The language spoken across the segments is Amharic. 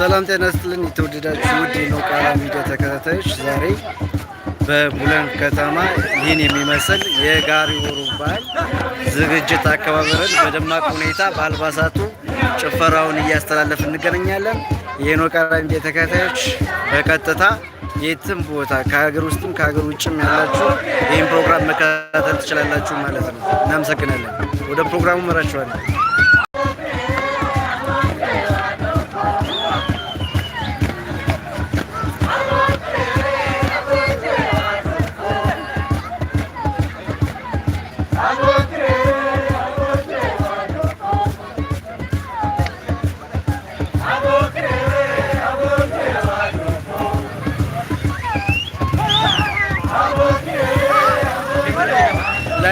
ሰላም ጤና ይስጥልን። የተወደዳችሁ ውድ የኖቃላ ሚዲያ ተከታታዮች ዛሬ በቡለን ከተማ ይህን የሚመስል የጋሪ ሆሮ በዓል ዝግጅት አከባበርን በደማቅ ሁኔታ በአልባሳቱ ጭፈራውን እያስተላለፍ እንገናኛለን። የኖቃላ ሚዲያ ተከታታዮች በቀጥታ የትም ቦታ ከሀገር ውስጥም ከሀገር ውጭም ያላችሁ ይህን ፕሮግራም መከታተል ትችላላችሁ ማለት ነው። እናመሰግናለን። ወደ ፕሮግራሙ መራችኋለን።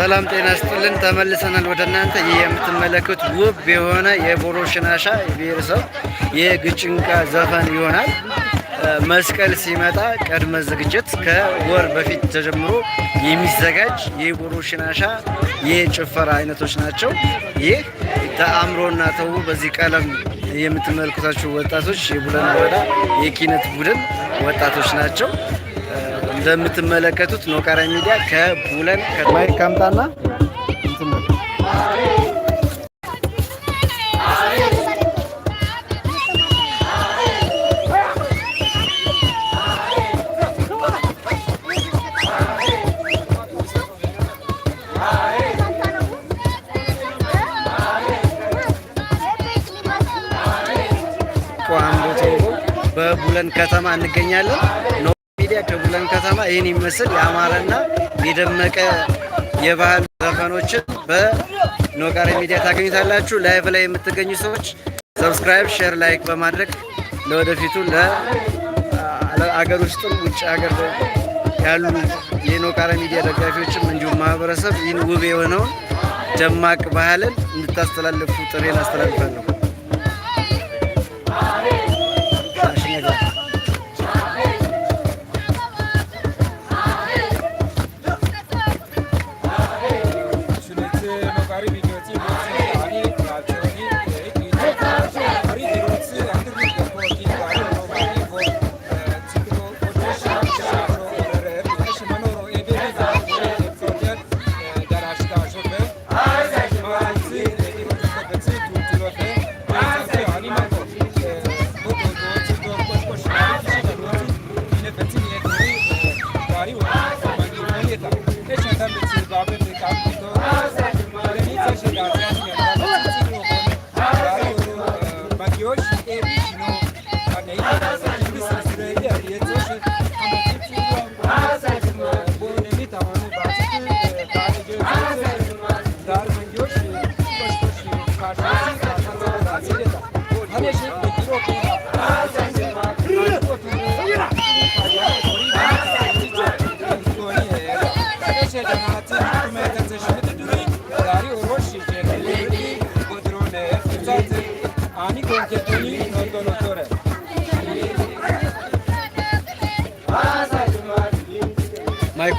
ሰላም ጤና ስጥልን። ተመልሰናል ወደ እናንተ። ይህ የምትመለከቱት ውብ የሆነ የቦሮ ሽናሻ ብሔረሰብ የግጭንቃ ዘፈን ይሆናል። መስቀል ሲመጣ ቅድመ ዝግጅት ከወር በፊት ተጀምሮ የሚዘጋጅ የቦሮ ሽናሻ የጭፈራ አይነቶች ናቸው። ይህ ተአምሮና ተው በዚህ ቀለም የምትመለከታቸው ወጣቶች የቡለን ወረዳ የኪነት ቡድን ወጣቶች ናቸው። እንደምትመለከቱት ኖካራ ሚዲያ ከቡለን ከማይክ ካምጣና በቡለን ከተማ እንገኛለን። ቡለን ከተማ ይህን ይመስል የአማረና የደመቀ የባህል ዘፈኖችን በኖቃሪ ሚዲያ ታገኙታላችሁ። ላይቭ ላይ የምትገኙ ሰዎች ሰብስክራይብ፣ ሼር፣ ላይክ በማድረግ ለወደፊቱ ለአገር ውስጥም ውጭ ሀገር ያሉ የኖቃር ሚዲያ ደጋፊዎችም እንዲሁም ማህበረሰብ ይህን ውብ የሆነውን ደማቅ ባህልን እንድታስተላልፉ ጥሬን አስተላልፋለሁ። Karşı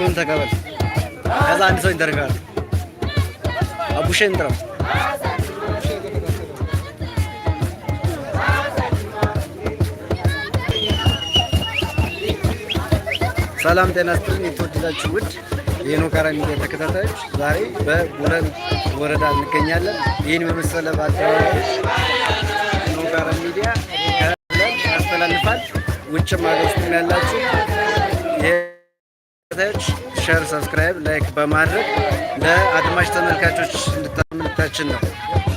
ሻምፒዮን ተቀበል። ከዛ አንድ ሰው ይደረጋል። አቡሼን ሰላም ጤና ይስጥልኝ የተወደዳችሁ ውድ የኖካራ ሚዲያ ተከታታዮች፣ ዛሬ በቡለን ወረዳ እንገኛለን። ይህን በመሰለ በአደባባይ ኖካራ ሚዲያ ያስተላልፋል። ውጭም ሀገር ውስጥ ያላችሁ ተመልካቾች ሸር፣ ሰብስክራይብ፣ ላይክ በማድረግ ለአድማጭ ተመልካቾች እንድታመልክታችን ነው።